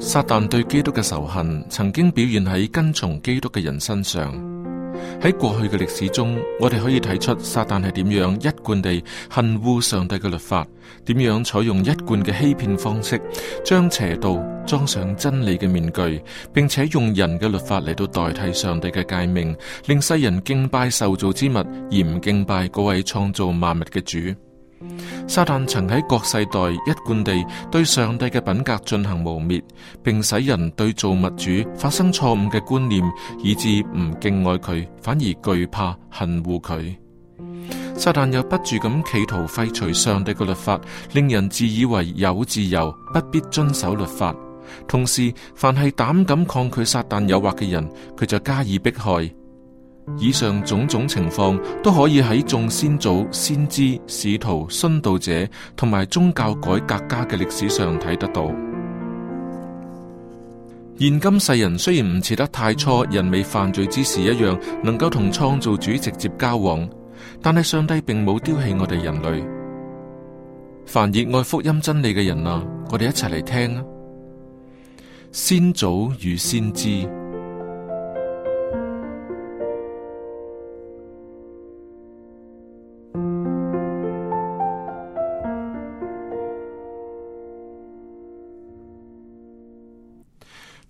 撒旦對基督嘅仇恨，曾經表現喺跟從基督嘅人身上。喺過去嘅歷史中，我哋可以睇出撒旦係點樣一貫地恨惡上帝嘅律法，點樣採用一貫嘅欺騙方式，將邪道裝上真理嘅面具，並且用人嘅律法嚟到代替上帝嘅誡命，令世人敬拜受造之物，而唔敬拜嗰位創造萬物嘅主。撒旦曾喺各世代一貫地對上帝嘅品格進行污蔑，並使人對造物主發生錯誤嘅觀念，以致唔敬愛佢，反而懼怕恨惡佢。撒旦又不住咁企圖廢除上帝嘅律法，令人自以為有自由，不必遵守律法。同時，凡係膽敢抗拒撒旦誘惑嘅人，佢就加以迫害。以上種種情況都可以喺眾先祖、先知、使徒、殉道者同埋宗教改革家嘅歷史上睇得到。現今世人雖然唔似得太初人未犯罪之時一樣，能夠同創造主直接交往，但係上帝並冇丟棄我哋人類。凡熱愛福音真理嘅人啊，我哋一齊嚟聽啊！先祖與先知。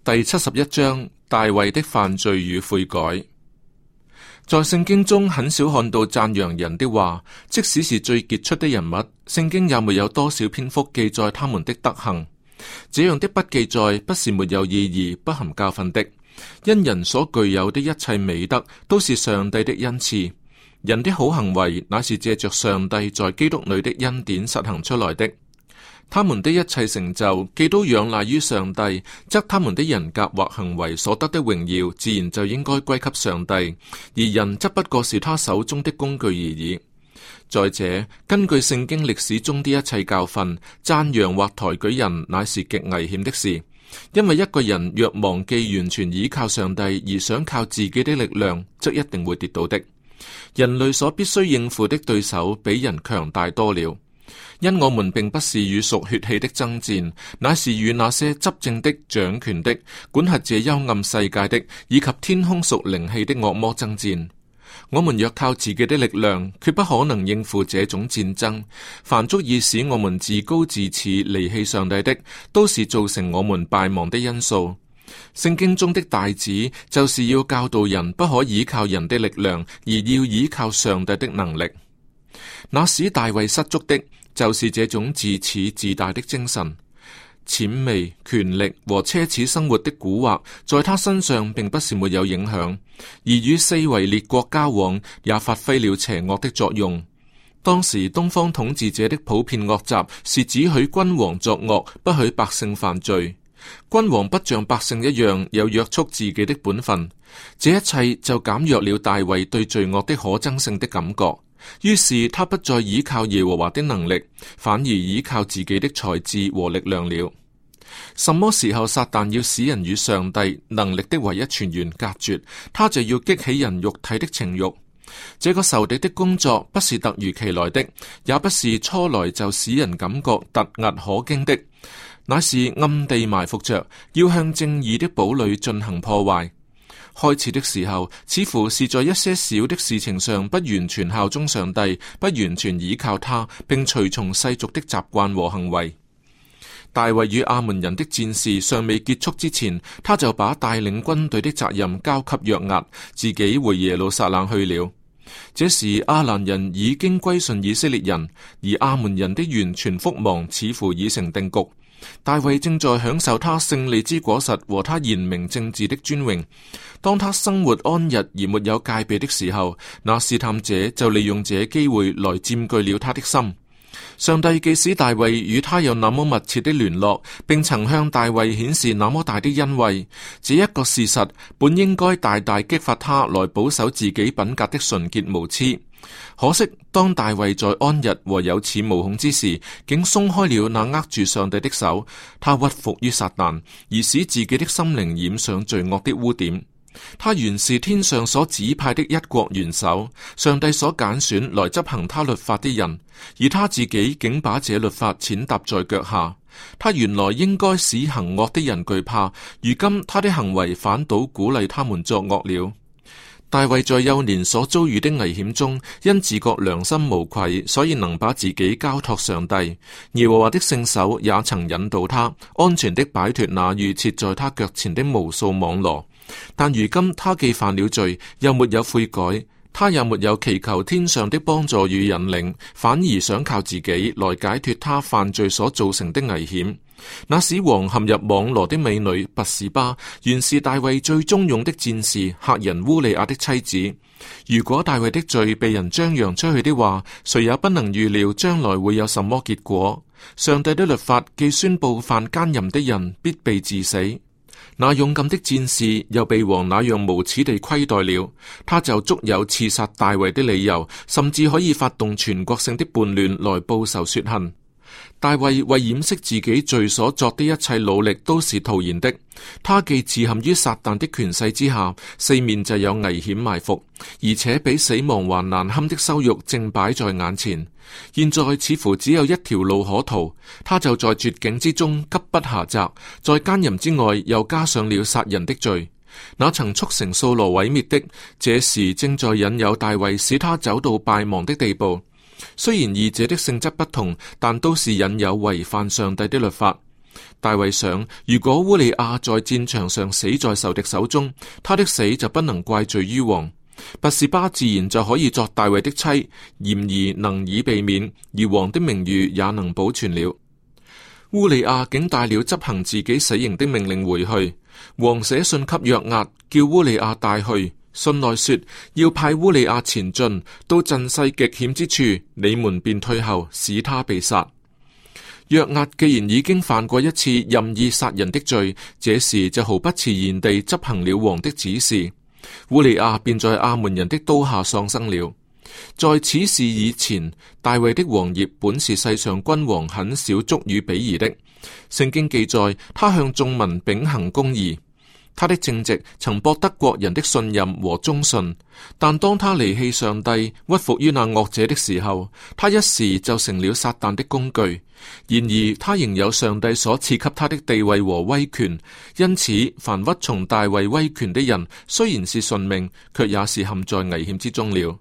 第七十一章大衛的犯罪與悔改，在聖經中很少看到讚揚人的話，即使是最傑出的人物，聖經也沒有多少篇幅記載他們的德行。這樣的不記載不是沒有意義、不含教訓的，因人所具有的一切美德都是上帝的恩賜，人的好行為乃是借着上帝在基督裏的恩典實行出來的。他們的一切成就，既都仰賴於上帝，則他們的人格或行為所得的榮耀，自然就應該歸給上帝；而人則不過是他手中的工具而已。再者，根據聖經歷史中的一切教訓，讚揚或抬舉人，乃是極危險的事，因為一個人若忘記完全依靠上帝，而想靠自己的力量，則一定會跌倒的。人類所必須應付的對手，比人強大多了。因我們並不是與屬血氣的爭戰，乃是與那些執政的、掌權的、管轄這幽暗世界的，以及天空屬靈氣的惡魔爭戰。我們若靠自己的力量，絕不可能應付這種戰爭。凡足以使我們自高自恃、離棄上帝的，都是造成我們敗亡的因素。聖經中的大旨就是要教導人不可倚靠人的力量，而要依靠上帝的能力。那使大衛失足的，就是這種自恃自大的精神、諂媚、權力和奢侈生活的蠱惑，在他身上並不是沒有影響，而與四圍列國交往也發揮了邪惡的作用。當時東方統治者的普遍惡習是只許君王作惡，不許百姓犯罪。君王不像百姓一樣有約束自己的本分，這一切就減弱了大衛對罪惡的可憎性的感覺。於是他不再依靠耶和華的能力，反而依靠自己的才智和力量了。什麼時候撒旦要使人與上帝能力的唯一泉源隔絕，他就要激起人肉體的情欲。這個仇敵的工作不是突如其來的，的也不是初來就使人感覺突兀可驚的，乃是暗地埋伏着，要向正義的堡壘進行破壞。開始的時候，似乎是在一些小的事情上，不完全效忠上帝，不完全倚靠他，並隨從世俗的習慣和行為。大衛與亞門人的戰事尚未結束之前，他就把帶領軍隊的責任交給約押，自己回耶路撒冷去了。這時，亞蘭人已經歸順以色列人，而亞門人的完全覆亡似乎已成定局。大衛正在享受他勝利之果實和他賢明政治的尊榮。當他生活安逸而沒有戒備的時候，那試探者就利用這機會來佔據了他的心。上帝既使大衛與他有那麼密切的聯絡，並曾向大衛顯示那麼大的恩惠，這一個事實本應該大大激發他來保守自己品格的純潔無疵。可惜，當大衛在安逸和有恃無恐之時，竟鬆開了那握住上帝的手。他屈服於撒但，而使自己的心靈染上罪惡的污點。他原是天上所指派的一國元首，上帝所揀選來執行他律法的人，而他自己竟把這律法踐踏在腳下。他原來應該使行惡的人懼怕，如今他的行為反倒鼓勵他們作惡了。大衛在幼年所遭遇的危險中，因自覺良心無愧，所以能把自己交託上帝。耶和華的聖手也曾引導他安全的擺脫那預設在他腳前的無數網羅。但如今他既犯了罪，又沒有悔改，他也沒有祈求天上的幫助與引領，反而想靠自己來解脫他犯罪所造成的危險。那使王陷入網羅的美女拔示巴，原是大衛最忠勇的戰士赫人烏利亞的妻子。如果大衛的罪被人張揚出去的話，誰也不能預料將來會有什麼結果。上帝的律法既宣布犯奸淫的人必被治死，那勇敢的戰士又被王那樣無恥地虧待了，他就足有刺殺大衛的理由，甚至可以發動全國性的叛亂來報仇雪恨。。大衛為掩飾自己罪所作的一切努力都是徒然的。他既自陷於撒旦的權勢之下，四面就有危險埋伏，而且比死亡還難堪的羞辱正擺在眼前。現在似乎只有一條路可逃，他就在絕境之中急不暇擇，在奸淫之外又加上了殺人的罪。那曾促成掃羅毀滅的，這時正在引誘大衛，使他走到敗亡的地步。雖然二者的性質不同，但都是引有違犯上帝的律法。大衛想，如果烏利亞在戰場上死在仇敵手中，他的死就不能怪罪於王，拔士巴自然就可以作大衛的妻，嫌疑能以避免，而王的名譽也能保存了。烏利亞竟帶了執行自己死刑的命令回去，王寫信給約押，叫烏利亞帶去。信內說，要派烏利亞前進到陣勢極險之處，你們便退後，使他被殺。約押既然已經犯過一次任意殺人的罪，這時就毫不遲疑地執行了王的指示。烏利亞便在亞捫人的刀下喪生了。在此事以前，大衛的王業本是世上君王很少足與比擬的。聖經記載他向眾民秉行公義。他的正直曾博得國人的信任和忠信，但當他離棄上帝、屈服於那惡者的時候，他一時就成了撒旦的工具。然而，他仍有上帝所賜給他的地位和威權，因此凡屈從大衛威權的人，雖然是順命，却也是陷在危險之中了。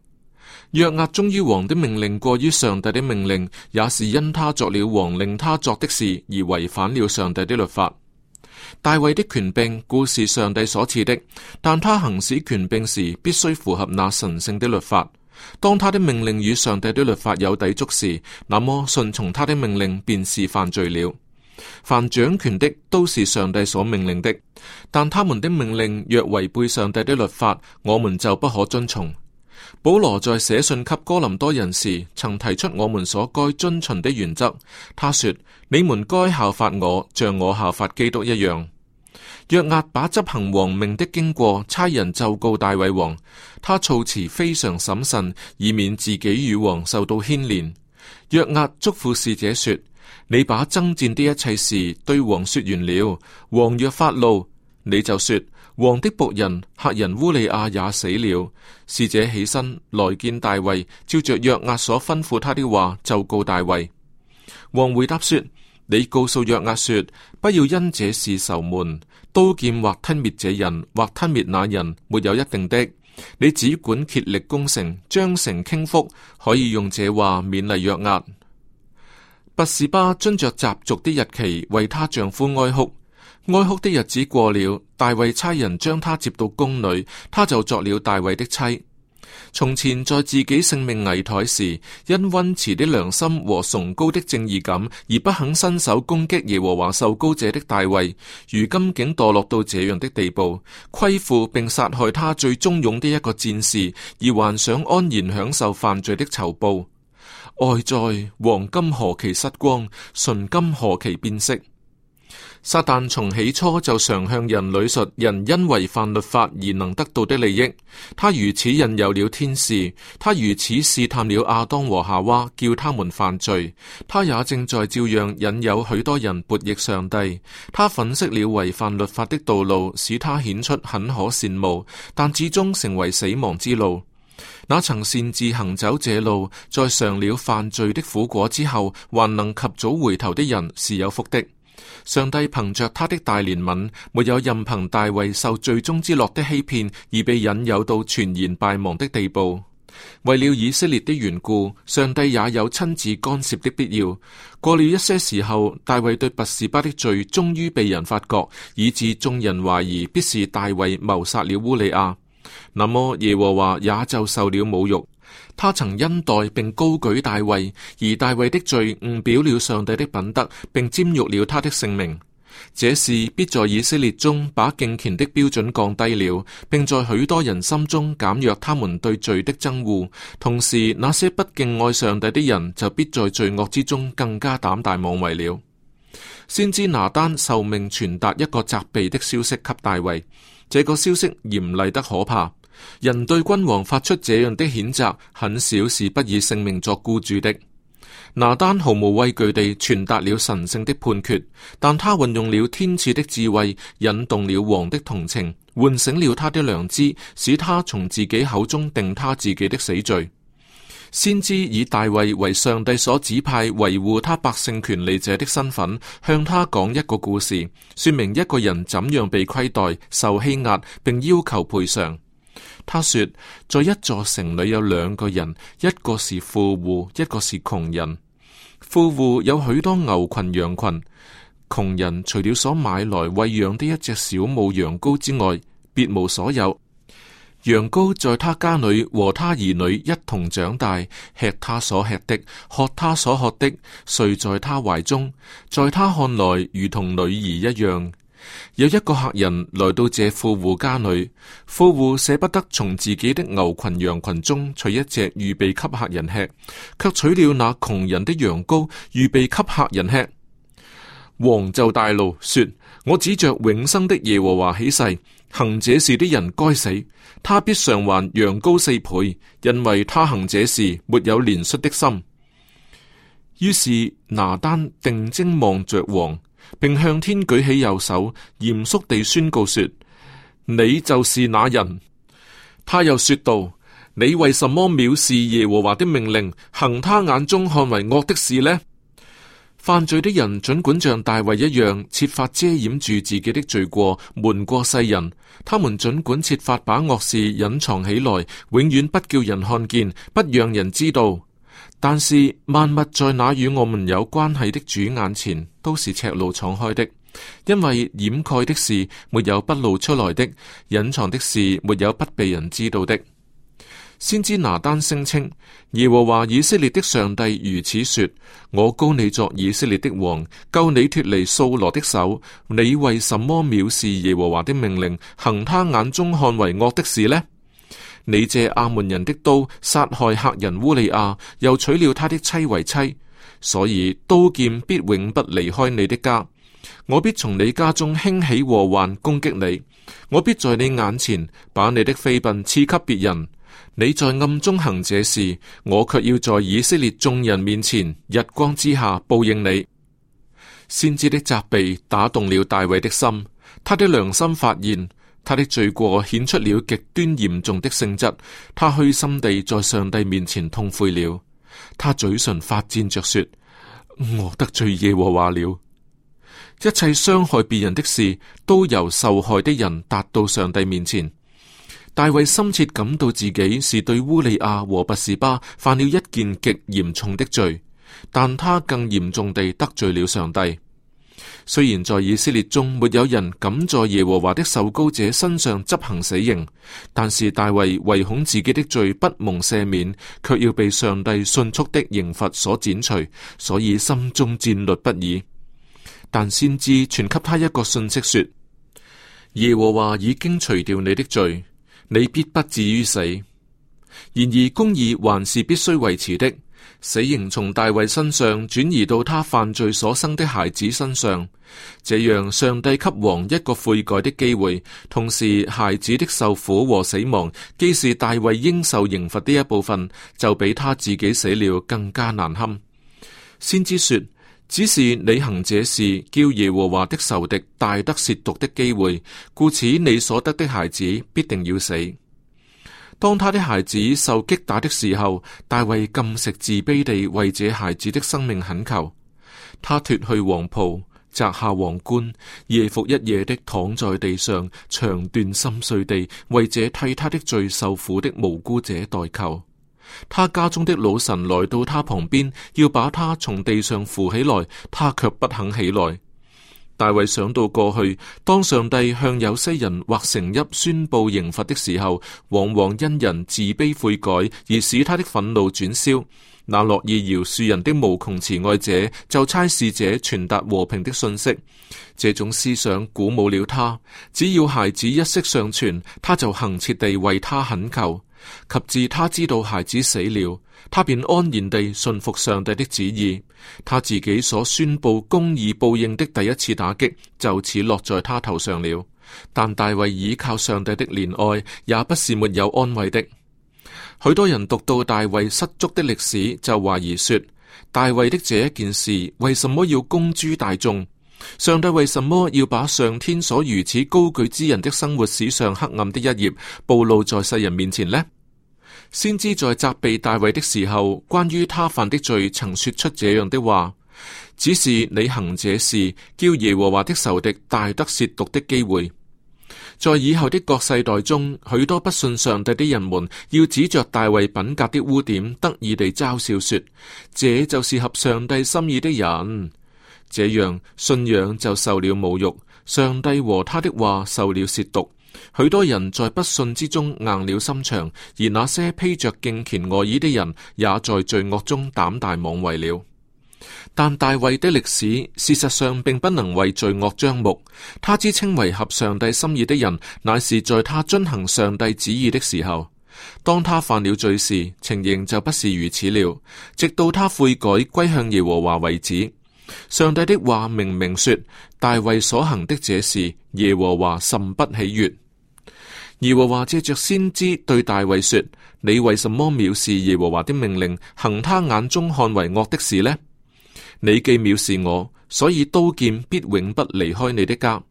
約押忠於王的命令過於上帝的命令，也是因他作了王令他做的事而違反了上帝的律法。大衛的權柄，固是上帝所賜的，但他行使權柄時，必須符合那神聖的律法。當他的命令與上帝的律法有抵觸時，那麼順從他的命令便是犯罪了。凡掌權的都是上帝所命令的，但他們的命令若違背上帝的律法，我們就不可遵從。保羅在寫信給哥林多人時，曾提出我們所該遵循的原則。他說：你們該效法我，像我效法基督一樣。約押把執行王命的經過差人奏告大衛王，他措辭非常審慎，以免自己與王受到牽連。約押囑咐使者說：你把爭戰的一切事對王說完了，王若發怒，你就說。王的僕人、客人烏利亞也死了。侍者起身來見大衛，照着約押所吩咐他的話，就告大衛。王回答說：你告訴約押說，不要因這事愁悶，刀劍或吞滅這人，或吞滅那人，沒有一定的。你只管竭力攻城，將城傾覆，可以用這話勉勵約押。拔士巴遵着習俗的日期為她丈夫哀哭。哀哭的日子過了，大衛差人將她接到宮裏，她就作了大衛的妻。從前在自己性命危殆時，因溫慈的良心和崇高的正義感而不肯伸手攻擊耶和華受膏者的大衛，如今竟墮落到這樣的地步，虧負並殺害他最忠勇的一個戰士，而還想安然享受犯罪的酬報。哀哉黃金何其失光，純金何其變色。撒旦從起初就常向人類述人因違犯律法而能得到的利益，他如此引誘了天使，他如此試探了亞當和夏娃，叫他們犯罪。他也正在照樣引誘許多人悖逆上帝。他粉飾了違犯律法的道路，使他顯出很可羨慕，但至終成為死亡之路。那曾擅自行走這路，在嘗了犯罪的苦果之後，還能及早回頭的人是有福的。上帝憑着他的大憐憫，沒有任憑大衛受罪中之樂的欺騙而被引誘到全然敗亡的地步。為了以色列的緣故，上帝也有親自干涉的必要。過了一些時候，大衛對拔士巴的罪終於被人發覺，以致眾人懷疑必是大衛謀殺了烏利亞。那麼耶和華也就受了侮辱。他曾恩待並高舉大衛，而大衛的罪誤表了上帝的品德，並玷辱了他的性命。這事必在以色列中把敬虔的標準降低了，並在許多人心中減弱他們對罪的憎惡。同時，那些不敬愛上帝的人就必在罪惡之中更加膽大妄為了。先知拿單受命傳達一個責備的消息給大衛，這個消息嚴厲得可怕。人對君王發出這樣的譴責，很少是不以性命作孤注的。拿單毫無畏懼地傳達了神聖的判決，但他運用了天賜的智慧，引動了王的同情，喚醒了他的良知，使他從自己口中定他自己的死罪。先知以大衛為上帝所指派維護他百姓權利者的身份，向他講一個故事，說明一個人怎樣被虧待、受欺壓，並要求賠償。他說，在一座城裏有兩個人，一個是富戶，一個是窮人。富戶有許多牛群羊群，窮人除了所買來餵養的一隻小母羊羔之外，別無所有。羊羔在他家裏和他兒女一同長大，吃他所吃的，喝他所喝的，睡在他懷中，在他看來如同女兒一樣。有一個客人來到這富戶家裡，富戶捨不得從自己的牛群羊群中取一隻預備給客人吃，卻取了那窮人的羊羔預備給客人吃。王就大怒，說：我指着永生的耶和華起誓，行這事的人該死，他必償還羊羔四倍，因為他行這事沒有憐恤的心。於是拿單定睛望着王。並向天舉起右手，嚴肅地宣告說：你就是那人。他又說道：你為什麼藐視耶和華的命令，行他眼中看為惡的事呢？犯罪的人儘管像大衛一樣，設法遮掩住自己的罪過，瞞過世人；他們儘管設法把惡事隱藏起來，永遠不叫人看見，不讓人知道。但是萬物在那與我們有關係的主眼前都是赤露敞開的，因為掩蓋的事沒有不露出來的，隱藏的事沒有不被人知道的。先知拿單聲稱：耶和華以色列的上帝如此說：我膏你作以色列的王，救你脫離掃羅，羅的手，你為什麼藐視耶和華的命令，行他眼中看為惡的事呢？你借亞捫人的刀殺害客人烏利亞，又娶了他的妻為妻，所以刀劍必永不離開你的家。我必從你家中興起禍患攻擊你，我必在你眼前把你的妃嬪賜給別人。你在暗中行這事，我卻要在以色列眾人面前日光之下報應你。先知的責備打動了大衛的心，他的良心發現。他的罪過顯出了極端嚴重的性質，他虛心地在上帝面前痛悔了。他嘴唇發顫着說：我得罪耶和華了。一切傷害別人的事，都由受害的人達到上帝面前。大衛深切感到自己是對烏利亞和拔士巴犯了一件極嚴重的罪，但他更嚴重地得罪了上帝。雖然在以色列中沒有人敢在耶和華的受膏者身上執行死刑，但是大衛唯恐自己的罪不蒙赦免，卻要被上帝迅速的刑罰所剪除，所以心中戰慄不已。但先知傳給他一個信息說：耶和華已經除掉你的罪，你必不至於死。然而公義還是必須維持的。死刑從大衛身上轉移到他犯罪所生的孩子身上，這樣上帝給王一個悔改的機會，同時孩子的受苦和死亡，既是大衛應受刑罰的一部分，就比他自己死了更加難堪。先知說：只是你行這事，叫耶和華的仇敵大得褻瀆的機會，故此你所得的孩子必定要死。當他的孩子受擊打的時候，大衛禁食自卑地為這孩子的生命懇求。他脫去皇袍，摘下皇冠，夜復一夜地躺在地上，腸斷心碎地為這替他的罪受苦的無辜者代求。他家中的老神來到他旁邊，要把他從地上扶起來，他卻不肯起來。大衛想到過去，當上帝向有些人或城邑宣布刑罰的時候，往往因人自卑悔改而使他的憤怒轉消。那樂意饒恕人的無窮慈愛者，就差使者傳達和平的信息。這種思想鼓舞了他。只要孩子一息尚存，他就恒切地為他懇求。及至他知道孩子死了，他便安然地信服上帝的旨意。他自己所宣布公義報應的第一次打擊，就此落在他頭上了。但大衛倚靠上帝的憐愛，也不是沒有安慰的。許多人讀到大衛失足的歷史，就懷疑說：大衛的這一件事，為什麼要公諸大眾？上帝為什麼要把上天所如此高舉之人的生活史上黑暗的一頁，暴露在世人面前呢？先知在責備大衛的時候，關於他犯的罪，曾說出這樣的話：只是你行這事，叫耶和華的仇敵大得褻瀆的機會。在以後的各世代中，許多不信上帝的人們，要指着大衛品格的污點，得意地嘲笑說：這就是合上帝心意的人。這樣信仰就受了侮辱，上帝和他的話受了褻瀆。許多人在不信之中硬了心腸，而那些披着敬虔外衣的人也在罪惡中膽大妄為了。但大衛的歷史事實上並不能為罪惡張目。他之稱為合上帝心意的人，乃是在他遵行上帝旨意的時候；當他犯了罪時，情形就不是如此了。直到他悔改歸向耶和華為止。上帝的話明明說，大衛所行的這事，耶和華甚不喜悦。耶和華借着先知對大衛說：你為什麼藐視耶和華的命令，行他眼中看為惡的事呢？你既藐視我，所以刀劍必永不離開你的家。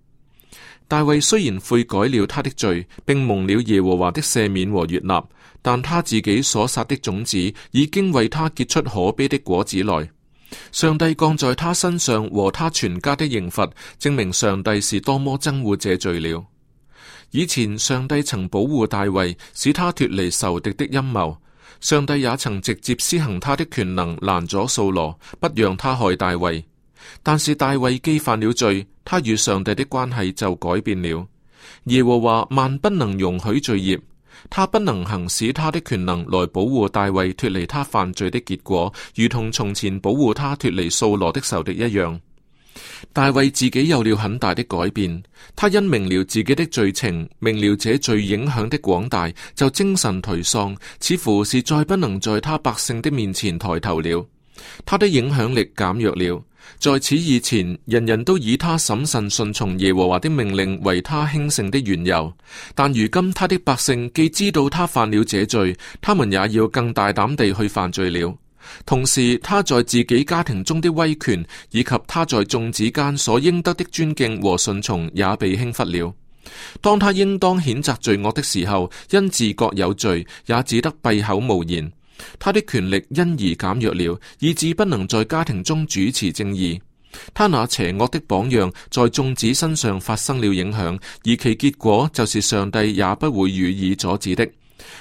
大衛雖然悔改了他的罪，並蒙了耶和華的赦免和悅納，但他自己所殺的種子，已經為他結出可悲的果子來。上帝降在他身上和他全家的刑罰，證明上帝是多麼憎惡這罪了。以前上帝曾保護大衛，使他脫離仇敵的陰謀。上帝也曾直接施行他的權能，攔阻掃羅，不讓他害大衛。但是大衛既犯了罪，他與上帝的關係就改變了。耶和華萬不能容許罪孽，他不能行使他的權能來保護大衛脫離他犯罪的結果，如同從前保護他脫離掃羅的仇敵一樣。大衛自己有了很大的改變，他因明了自己的罪情，明了這罪影響的廣大，就精神頹喪，似乎是再不能在他百姓的面前抬頭了。他的影響力減弱了，在此以前，人人都以他審慎順從耶和華的命令為他興盛的緣由，但如今他的百姓既知道他犯了這罪，他們也要更大膽地去犯罪了。同時，他在自己家庭中的威權以及他在眾子間所應得的尊敬和順從也被輕忽了。當他應當譴責罪惡的時候，因自覺有罪，也只得閉口無言。他的權力因而減弱了，以致不能在家庭中主持正義。他那邪惡的榜樣在眾子身上發生了影響，而其結果就是上帝也不會予以阻止的。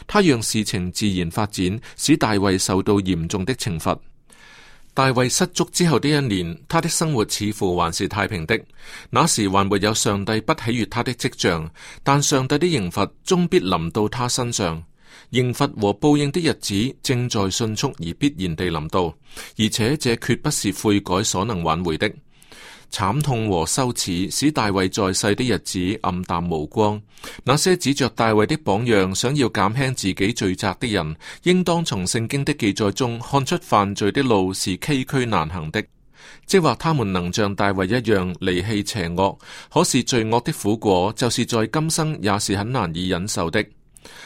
他讓事情自然發展，使大衛受到嚴重的懲罰。大衛失足之後的一年，他的生活似乎還是太平的。那時還沒有上帝不喜悅他的跡象，但上帝的刑罰終必臨到他身上。刑罰和報應的日子正在迅速而必然地臨到，而且這決不是悔改所能挽回的。慘痛和羞恥使大衛在世的日子黯淡無光。那些指着大衛的榜樣，想要減輕自己罪責的人，應當從聖經的記載中看出，犯罪的路是崎嶇難行的。即或他們能像大衛一樣離棄邪惡，可是罪惡的苦果，就是在今生也是很難以忍受的。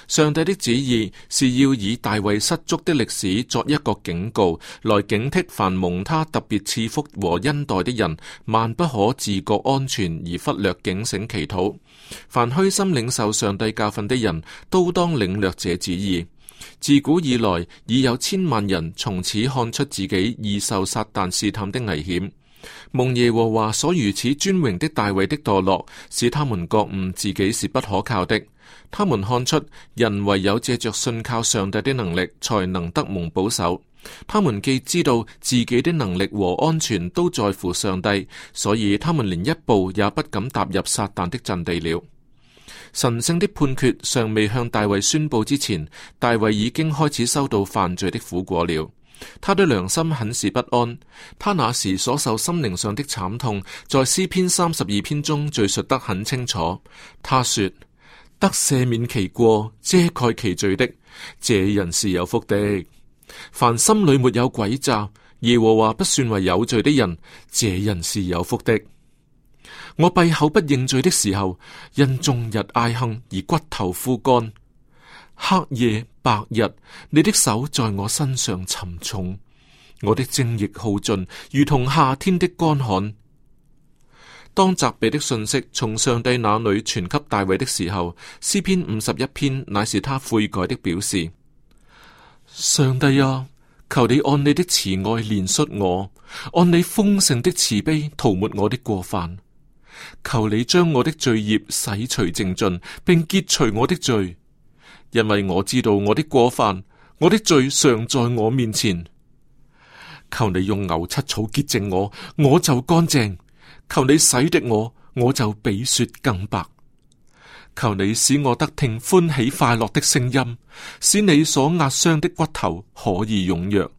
上帝的旨意是要以大衛失足的歷史作一個警告，來警惕凡蒙他特別賜福和恩待的人，萬不可自覺安全而忽略警醒祈禱。凡虛心領受上帝教訓的人都當領略這旨意。自古以來，已有千萬人從此看出自己易受撒旦試探的危險。蒙耶和華所如此尊榮的大衛的墮落，使他們覺悟自己是不可靠的。他們看出人唯有借着信靠上帝的能力，才能得蒙保守。他們既知道自己的能力和安全都在乎上帝，所以他們連一步也不敢踏入撒旦的陣地了。神聖的判決尚未向大衛宣布之前，大衛已經開始收到犯罪的苦果了。他的良心很是不安。他那時所受心靈上的慘痛，在詩篇三十二篇中敘述得很清楚。他說：得赦免其過、遮蓋其罪的，這人是有福的。凡心裏沒有詭詐、耶和華不算為有罪的人，這人是有福的。我閉口不認罪的時候，因終日唉哼而骨頭枯乾，黑夜白日，你的手在我身上沉重，我的精液耗盡，如同夏天的乾旱。當責備的信息從上帝那裏傳給大衛的時候，詩篇五十一篇乃是他悔改的表示。上帝啊，求你按你的慈愛憐恤我，按你豐盛的慈悲塗抹我的過犯。求你將我的罪孽洗除淨盡，並潔除我的罪，因為我知道我的過犯，我的罪常在我面前。求你用牛七草潔淨我，我就乾淨。求你洗滌我，我就比雪更白；求你使我得聽歡喜快樂的聲音，使你所壓傷的骨頭可以踊躍。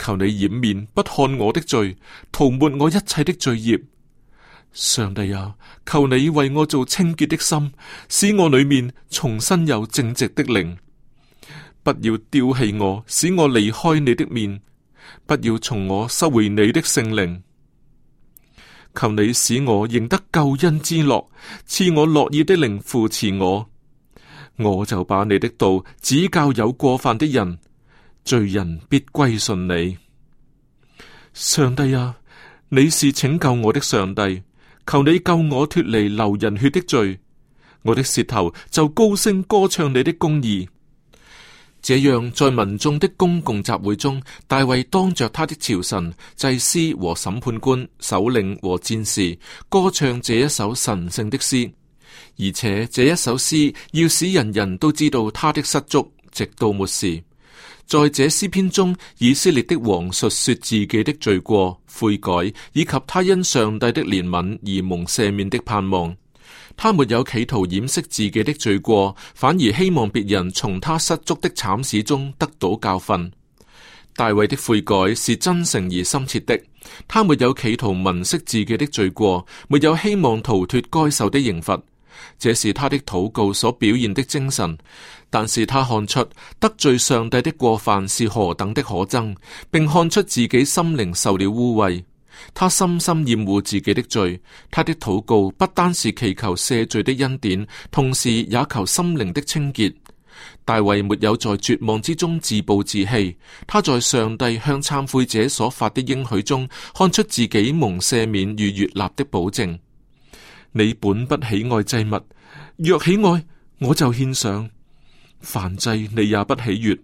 求你掩面不看我的罪，塗抹我一切的罪孽。上帝啊，求你為我做清潔的心，使我裏面重新有正直的靈。不要丟棄我，使我離開你的面；不要從我收回你的聖靈。求你使我認得救恩之樂，賜我樂意的靈扶持我，我就把你的道指教有過犯的人，罪人必歸順你。上帝啊，你是拯救我的上帝，求你救我脫離流人血的罪，我的舌頭就高聲歌唱你的公義。這樣，在民眾的公共集會中，大衛當着他的朝臣、祭司和審判官、首領和戰士，歌唱這一首神聖的詩。而且這一首詩要使人人都知道他的失足，直到末時。在這詩篇中，以色列的王述說自己的罪過、悔改，以及他因上帝的憐憫而蒙赦免的盼望。他沒有企圖掩飾自己的罪過，反而希望別人從他失足的慘史中得到教訓。大衛的悔改是真誠而深切的，他沒有企圖文飾自己的罪過，沒有希望逃脫該受的刑罰。這是他的禱告所表現的精神。但是他看出得罪上帝的過犯是何等的可憎，並看出自己心靈受了污穢。他深深厭惡自己的罪，他的禱告不單是祈求赦罪的恩典，同時也求心靈的清潔。大衛沒有在絕望之中自暴自棄，他在上帝向懺悔者所發的應許中，看出自己蒙赦免與悦納的保證。你本不喜愛祭物，若喜愛，我就獻上；凡祭你也不喜悦。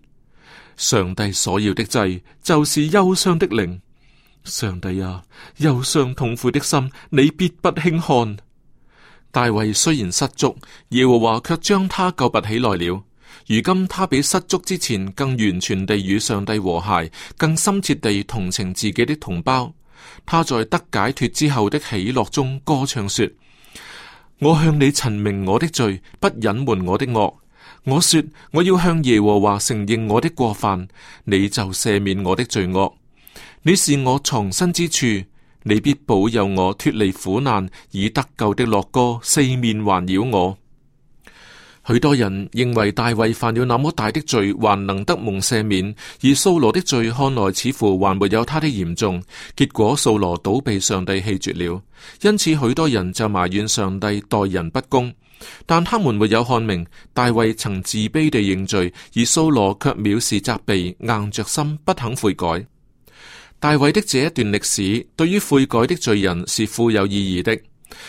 上帝所要的祭，就是憂傷的靈。上帝啊，憂傷痛苦的心，你必不輕看。大衛雖然失足，耶和華卻將他救拔起來了。如今他比失足之前更完全地與上帝和諧，更深切地同情自己的同胞。他在得解脱之後的喜樂中歌唱說：我向你陳明我的罪，不隱瞞我的惡。我說我要向耶和華承認我的過犯，你就赦免我的罪惡。你是我藏身之處，你必保佑我脫離苦難，以得救的樂歌，四面環繞我。許多人認為大衛犯了那麼大的罪，還能得蒙赦免，而掃羅的罪看來似乎還沒有他的嚴重。結果掃羅倒被上帝棄絕了。因此許多人就埋怨上帝待人不公，但他們沒有看明大衛曾自卑地認罪，而掃羅卻藐視責備，硬着心不肯悔改。大衛的這一段歷史，對於悔改的罪人是富有意義的。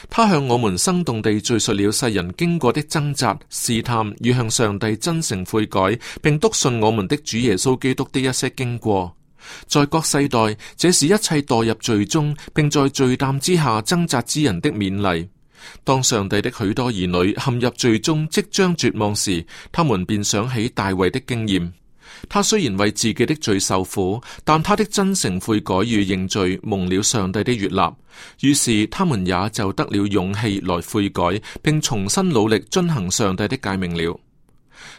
他向我們生動地敘述了世人經過的掙扎、試探與向上帝真誠悔改，并篤信我們的主耶穌基督的一些經過。在各世代，這是一切墮入罪中，并在罪擔之下掙扎之人的勉勵。當上帝的許多兒女陷入罪中，即將絕望時，他們便想起大衛的經驗。他雖然為自己的罪受苦，但他的真誠悔改與認罪蒙了上帝的悅納，於是他們也就得了勇氣來悔改，並重新努力遵行上帝的誡命了。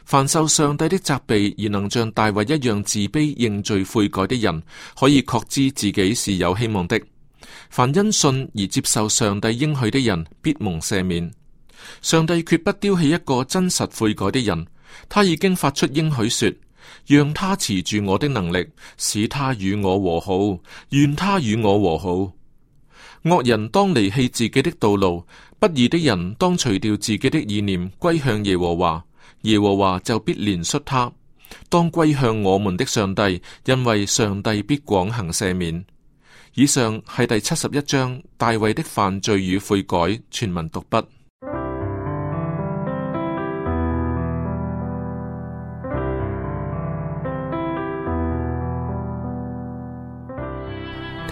凡受上帝的責備而能像大衛一樣自卑認罪悔改的人，可以確知自己是有希望的。凡因信而接受上帝應許的人，必蒙赦免。上帝決不丟棄一個真實悔改的人。他已經發出應許說。讓他持住我的能力，使他與我和好，願他與我和好。惡人當離棄自己的道路，不義的人當除掉自己的意念，歸向耶和華，耶和華就必憐恤他。當歸向我們的上帝，因為上帝必廣行赦免。以上係第七十一章大衛的犯罪與悔改，全文讀畢。